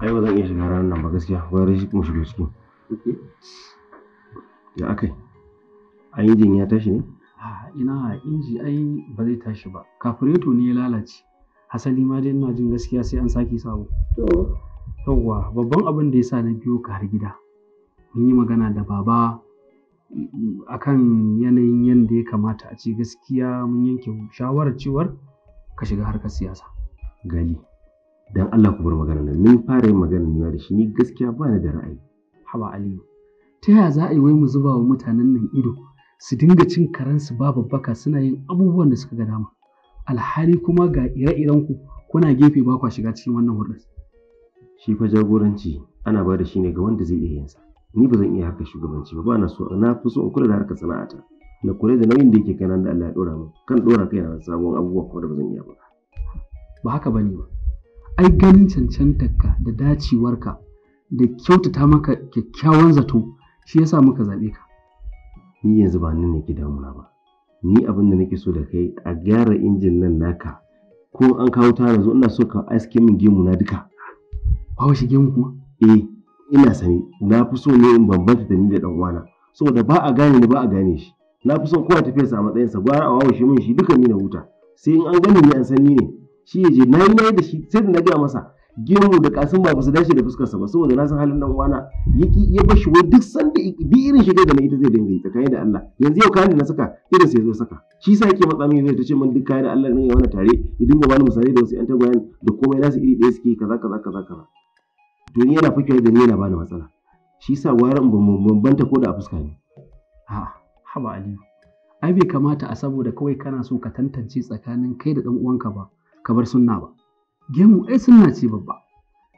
ai ba zan iya shiga ranar nan ba gaskiya gwara shi mu shiga ciki ya akai an yi jin ya tashi ne ina inji ai ba zai tashi ba kafureto ne ya lalace hasali ma dai ina jin gaskiya sai an sake sabo to yawwa babban abin da ya sa na biyo ka har gida mun yi magana da baba akan yanayin yadda ya kamata a ce gaskiya mun yanke shawarar cewar ka shiga harkar siyasa gani dan Allah ku bar magana nan Ni fara yin magana ne da shi ni gaskiya ba ni da ra'ayi haba aliyu ta yaya za a yi wai mu zuba wa mutanen nan ido su dinga cin karansu babu baka suna yin abubuwan da suka ga dama alhali kuma ga ire-iren ku kuna gefe ba kwa shiga cikin wannan hurɗar shi fa jagoranci ana ba da shi ne ga wanda zai iya sa ni ba zan iya haka shugabanci ba ba na so na fi so in kula da harkar sana'ata na kula da nauyin da yake kanan da Allah ya dora min kan dora kai na sabon abubuwa kuma da ba zan iya ba ba haka bane ba ai ganin ka da dacewarka da kyautata maka kyakkyawan zato shi yasa muka zaɓe ka ni yanzu ba nan nake damuna ba ni abin da nake so da kai a gyara injin nan naka ko an kawo ta yanzu ina so ka aske min gemu na duka ba shi gemu kuma eh ina sani na fi so ne in bambanta da ni da dan uwana saboda ba a gane ni ba a gane shi na fi son kowa ta sa a matsayin sa gwara a wawo shi min shi duka ni na huta sai in an gane ni an san ni ne shi yaje na yi da shi sai da na gaya masa gemu da kasin ba su dace da fuskarsa ba saboda na san halin dan uwana yaki ya bashi wai duk sanda bi irin shiga da ita zai dinga ita kai da Allah yanzu yau kayan da na saka irin sai zo saka shi yasa yake matsa min yanzu ta ce mun duk kayan da Allah ne ya wani tare ya dinga bani misali da wasu yan tagwayen da komai za su iri ɗaya suke kaza kaza kaza kaza duniya na yana da ni yana bani matsala shi yasa waran bambanta ko da a fuska ne ha haba aliyu ai bai kamata a saboda kawai kana so ka tantance tsakanin kai da dan uwanka ba ka bar sunna ba gemu ai sunna ce babba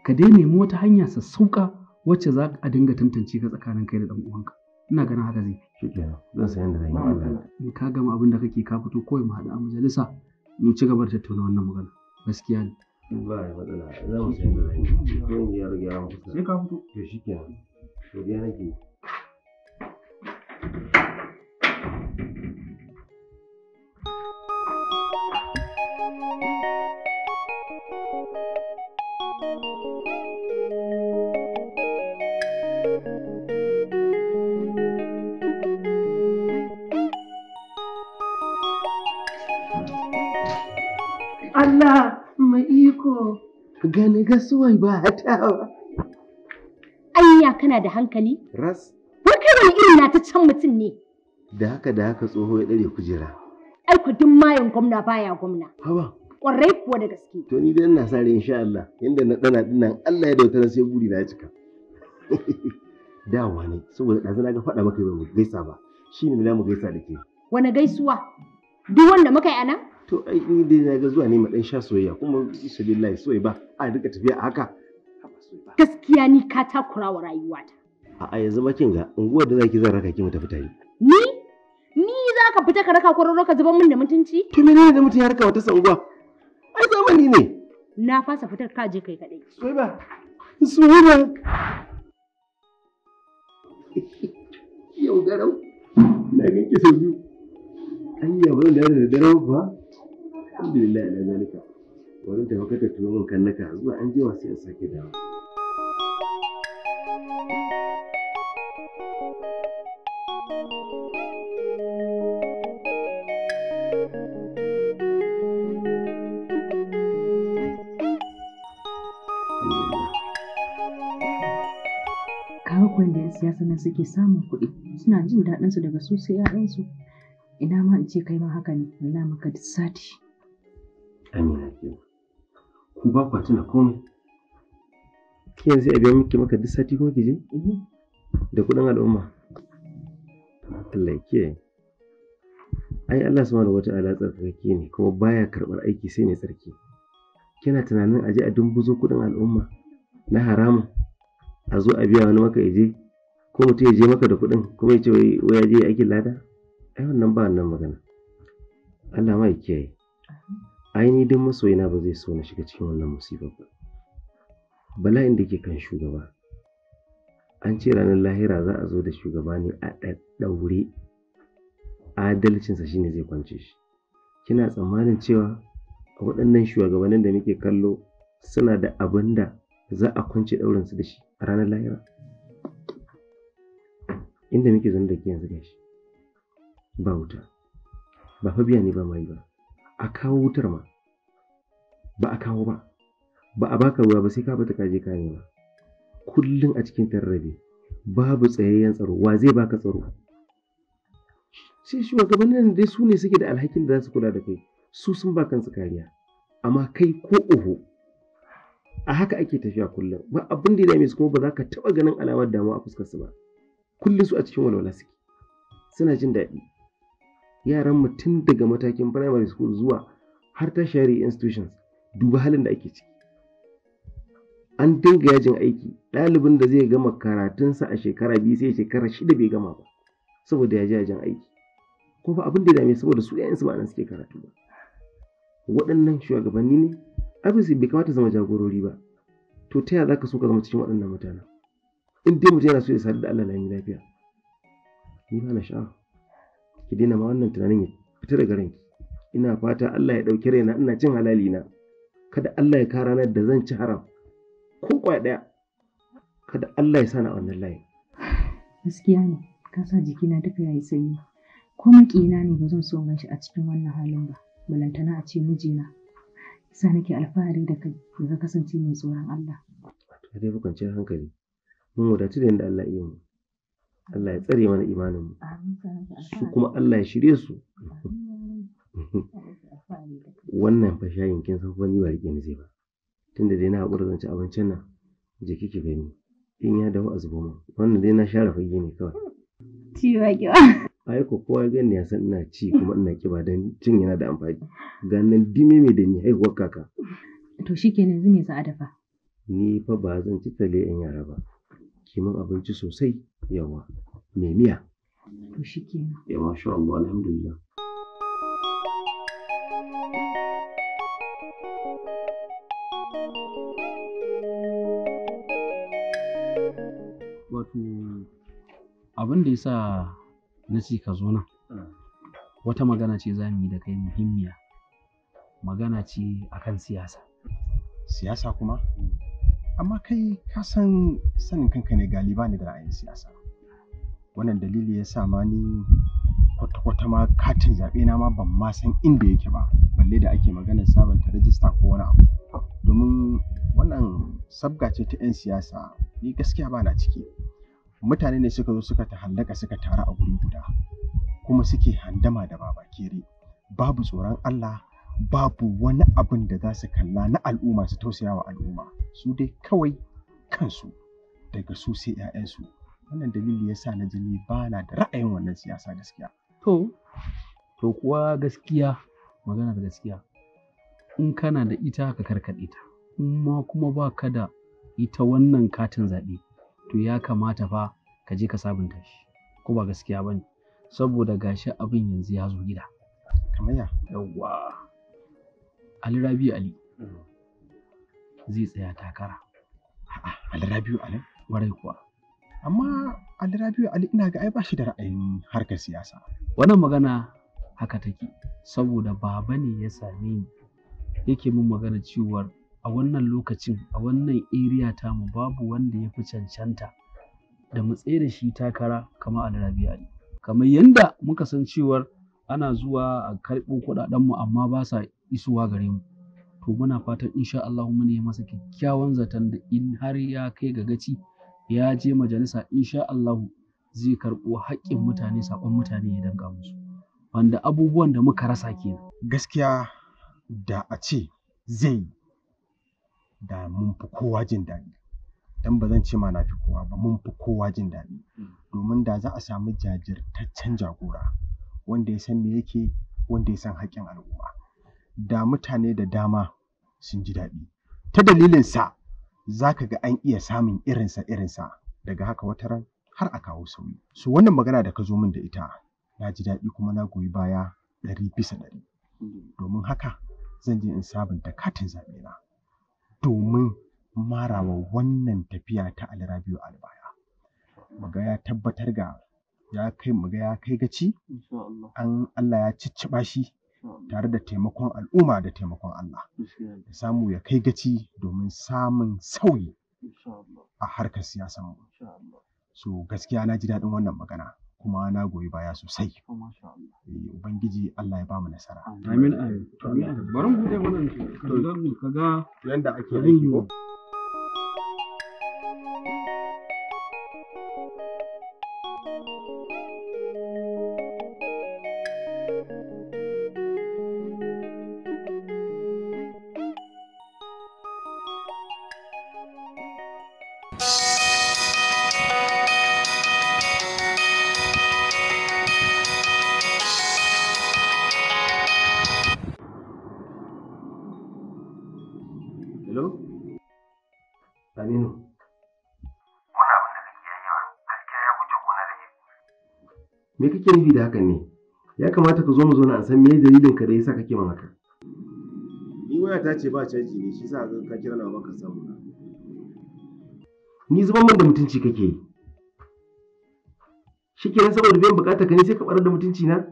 ka dai nemi wata hanya sassauka wacce za a dinga tantance ka tsakanin kai da dan uwanka ina ganin haka zai fi zan sayan da zan yi Allah ka gama abin da kake ka fito kawai mu haɗu a majalisa mu ci gaba da tattauna wannan magana gaskiya ne ba ya matsala za mu san yadda zan yi zan yi ya rage ya mutu sai ka fito to kenan to dai nake suwai ba a hatawa. Anya kana da hankali? Ras. Wata wani irin na ta can mutum ne. Da haka da haka tsoho ya ɗare kujera. Ai ku duk mayan gwamna baya gwamna. Hawa. Ƙwarai kuwa da gaske. To ni dai ina sa rai insha Allah yadda na ɗana dinnan Allah ya dautar sai buri na cika. Dawa ne saboda ɗazu na ga faɗa maka ba gaisa ba. Shi ne na mu gaisa da ke. Wane gaisuwa? Duk wanda muka yi anan? to ai ni dai na ga zuwa ne ma dan sha soyayya kuma su billahi soyayya ba a rika tafiya a haka gaskiya ni ka takura wa rayuwata a'a yanzu ba kin ga unguwar da zaki zan raka ki mu tafi tare ni ni za ka fita ka raka kwararo ka zuban min da mutunci to ne da mutun ya raka wata sanguwa ai zamani ne na fasa fitar ka je kai kadai soyayya soyayya yau garau na ganki sau biyu an yi abin da da daren ba alhamdulillah ala zalika wannan taimakon ka turo min kan naka zuwa an jima sai in sake dawo siyasa nan suke samun kuɗi suna jin daɗinsu daga su 'ya'yansu ina ma in ce kai ma haka ne wallahi maka sati Amina kenan. Ku ba kwa tuna komai. Ki yanzu a biya miki maka duk sati kuma ki je? Mhm. Da kuɗin al'umma. Allah ya kiyaye. Ai Allah subhanahu wata'ala tsarkake ne kuma baya karɓar aiki sai mai tsarki. Kina tunanin a je a dumbuzo kuɗin al'umma na haramun a zo a biya wani maka ya je ko mutum ya je maka da kuɗin kuma ya ce wai ya je aikin lada? Ai wannan ba wannan magana. Allah ma ya kiyaye. ai ni duk masoyina ba zai so na shiga cikin wannan musibar ba bala'in da ke kan shugaba an ce ranar lahira za a zo da shugaba ne a ɗaɗɗaure adalcinsa ne zai kwance shi kina tsammanin cewa waɗannan shugabannin da muke kallo suna da abin da za a kwance ɗaurinsu da shi a ranar lahira inda muke zan da ke yanzu shi ba wuta ba fa biya ne ba mai ba a kawo wutar ma ba a kawo ba ba a baka ruwa ba sai ka bata kaje ka nema kullum a cikin tarrabe babu tsayayyen tsaro wa zai baka tsaro sai shugabannin dai su ne suke da alhakin da za su kula da kai su sun ba kansu kariya amma kai ko oho a haka ake tafiya kullum ba abin da ya dame su kuma ba za ka taɓa ganin alamar damuwa a fuskarsu ba kullum su a cikin walwala suke suna jin daɗi yaran mu tun daga matakin primary school zuwa har tertiary institutions duba halin da ake ciki an dinga yajin aiki ɗalibin da zai gama karatunsa a shekara biyu sai shekara shida bai gama ba saboda ya yajin aiki ko ba abin da dame saboda su su ba nan suke karatu ba waɗannan shugabanni ne abisi bai kamata zama jagorori ba to ta yaya zaka so ka zama cikin waɗannan mutanen in dai mutum yana so ya sadu da Allah yi lafiya ni ba na sha'a ki daina ma wannan tunanin ya fita daga ranki ina fata Allah ya ɗauki raina ina cin halali na kada Allah ya kara na da zan ci haram ko kwa ɗaya kada Allah ya sana wannan layin gaskiya ne ka sa jikina duka yayi sanyi ko maƙina ne ba zan so ganshi a cikin wannan halin ba balantana a ce mijina sa nake alfahari da kai da kasance mai tsoron Allah. Wato dai kwanciyar hankali mun wadatu da yadda Allah iya mu. Allah ya tsare mana imaninmu su kuma Allah ya shirye su wannan fa shayin kin san wani ba rike ni zai ba tunda dai na haƙura zan ci abincin nan je kike gani in ya dawo a zubo mu wannan dai na share fage ne kawai ci ba ba ai ko kowa gani ya san ina ci kuma ina kiba dan cin yana da amfani ga nan dime me da ni haihuwar kaka to shikenan zan yi sa'a dafa ni fa ba zan ci tale yan yara ba kiman abinci sosai yawa mai miya to shikenan yawa sha Allah alhamdulillah wato abin da yasa na ce ka zo nan wata magana ce za mu yi da kai muhimmiya magana ce akan siyasa siyasa kuma amma kai ka san sanin kanka ne galiba ne da ra'ayin siyasa wannan dalili ya sa ma ni kwata-kwata ma katin zaɓe na ma ban ma san inda yake ba balle da ake maganar sabanta rajista ko wani abu domin wannan sabga ce ta 'yan siyasa ni gaskiya ba na ciki mutane ne suka zo suka ta hallaka suka tara a guri guda kuma suke handama da babakere babu tsoron Allah babu wani abin da za su kalla na al'umma su tausaya wa al'umma su dai kawai kansu daga su sai 'ya'yansu wannan dalili ya sa na jini ba na da ra'ayin wannan siyasa gaskiya to to kuwa gaskiya magana da gaskiya in kana da ita ka karkaɗe ta in ma kuma ba ka da ita wannan katin zaɓe to ya kamata fa ka je ka sabunta shi ko ba gaskiya ba ne saboda gashi abin yanzu ya zo gida kamar ya yawwa ali rabi ali mm. zai tsaya takara. A'a, Ali Warai kuwa. Amma Ali Ali ina ga ai ba shi da ra'ayin harkar siyasa. Wannan magana haka take saboda baba ne ya same ni yake min magana cewar a wannan lokacin a wannan area mu, babu wanda ya fi cancanta da mu da shi takara kamar Ali Ali. Kamar yadda muka san cewar ana zuwa a karɓo mu amma ba sa isowa gare mu. to muna fatan insha Allah mun yi masa kyakkyawan zaton da in har ya kai ga gaci ya je majalisa insha Allah zai karɓo haƙƙin mutane sakon mutane ya danga musu wanda abubuwan da muka rasa kenan gaskiya da a ce zai da mun fi kowa jin daɗi dan ba zan ce ma na fi kowa ba mun fi kowa jin daɗi domin da za a samu jajirtaccen jagora wanda ya san me yake wanda ya san haƙƙin al'umma da mutane da dama sun ji daɗi. Ta dalilinsa za ka ga an iya samun irinsa irinsa daga haka wata ran har a kawo sauyi. So wannan magana da ka zo min da ita na ji daɗi kuma na goyi baya ɗari bisa ɗari. Domin haka zan je in sabunta katin zaɓe na domin marawa wannan tafiya ta Alrabiu albaya. Muga ya tabbatar ga ya kai muga ya kai gaci an Allah ya cicciɓa shi tare da taimakon al'umma da taimakon Allah ya samu ya kai gaci domin samun sauyi a harkar siyasanmu. so gaskiya na ji daɗin wannan magana kuma na goyi baya sosai eh, ubangiji Allah ya ba mu nasara amin amin bari mu bude wannan kaga yanda ake yi. Aminu. Wani abin da kake yawa gaskiya ya wuce gona da Me kake nufi da hakan ne? Ya kamata ka zo mu zauna an san me dalilin ka da yasa kake mun haka. Ni waya ta ce ba caji ne shi yasa ka kira na baka samu Ni zuban man da mutunci kake yi. Shi kenan saboda biyan bukatar ka ne sai ka barar da mutunci na?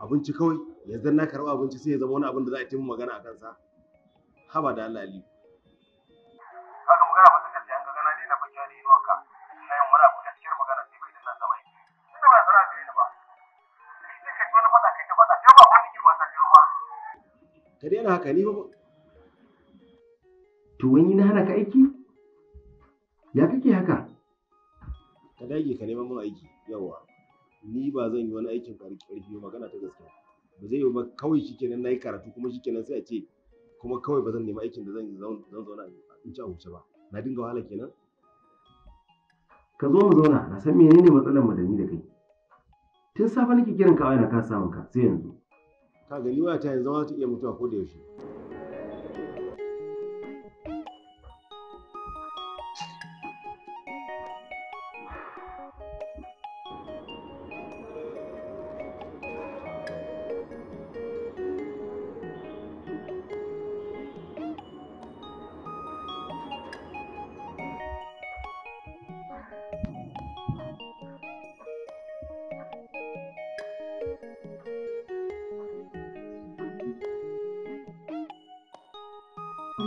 Abinci kawai yanzu na karɓi abinci sai ya zama wani abin da za a yi magana a kansa. Haba da Allah Aliyu. ka daina haka ni ba to wani na hana ka aiki ya kake haka ka dage ka neman mun aiki yawa ni ba zan yi wani aikin karfi magana ta gaskiya ba zai yi ba kawai shikenan nayi karatu kuma shikenan sai a ce kuma kawai ba zan nemi aikin da zan zan zauna in ci a huce ba na dinga wahala kenan ka zo mu zauna na san menene matsalar mu da ni da kai tun safe nake kiran ka wai na ka samun ka sai yanzu ka gani waya ta yanzu za ta iya mutuwa ko da yaushe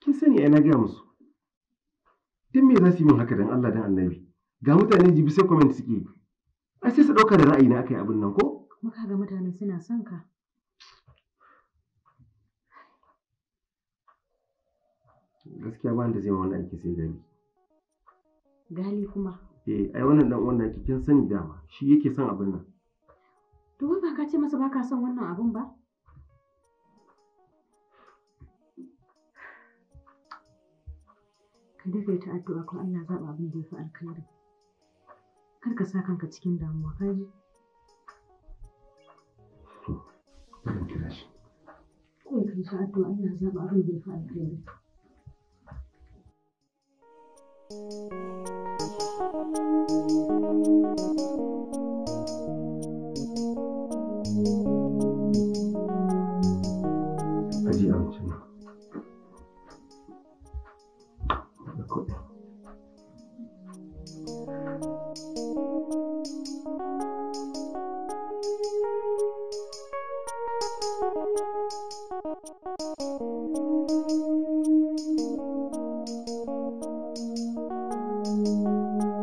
kin sani ai na gaya musu din me za su yi min haka dan Allah dan annabi ga mutane jibi sai comment suke yi ai sai su ɗauka da ra'ayi na aka yi abin nan ko kuma kaga mutane suna son ka gaskiya ba da zai ma wani aiki sai gani gali kuma eh ai wannan dan wannan kin sani dama shi yake son abin nan to ba ka ce masa baka son wannan abun ba ka daidaita addu'a kuma Allah zaɓa abin da ya fi alkhairi kar ka sa kanka cikin damuwa ka ji kawai ka yi addu'a Allah zaɓa abin da ya fi alkhairi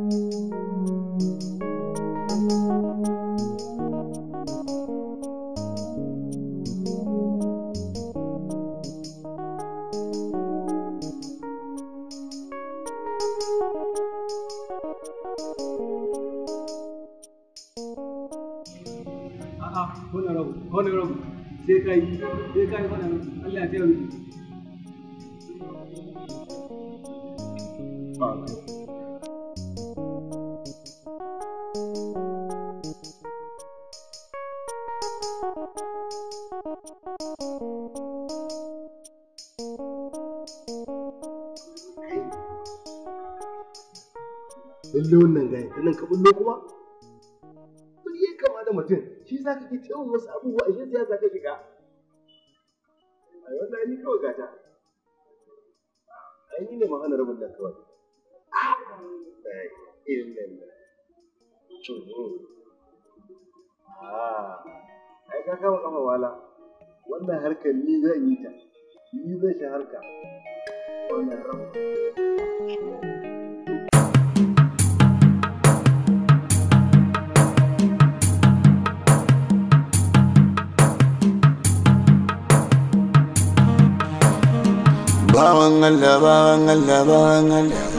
Honorable, honorable, sai kai, sai kai honorable, Allah ya taimake. lalle wannan gaya ta nan ka bullo kuma kun yi kama da mutum shi za ka ke cewa wasu abubuwa a ya za ka shiga a yi wannan ni kawai gata a yi ne ma hana rabin nan kawai irin nan da ai ka kama kama wala wannan harkar ni zan yi ta ni zan shi harka wannan rabin bawan Allah bawan Allah Allah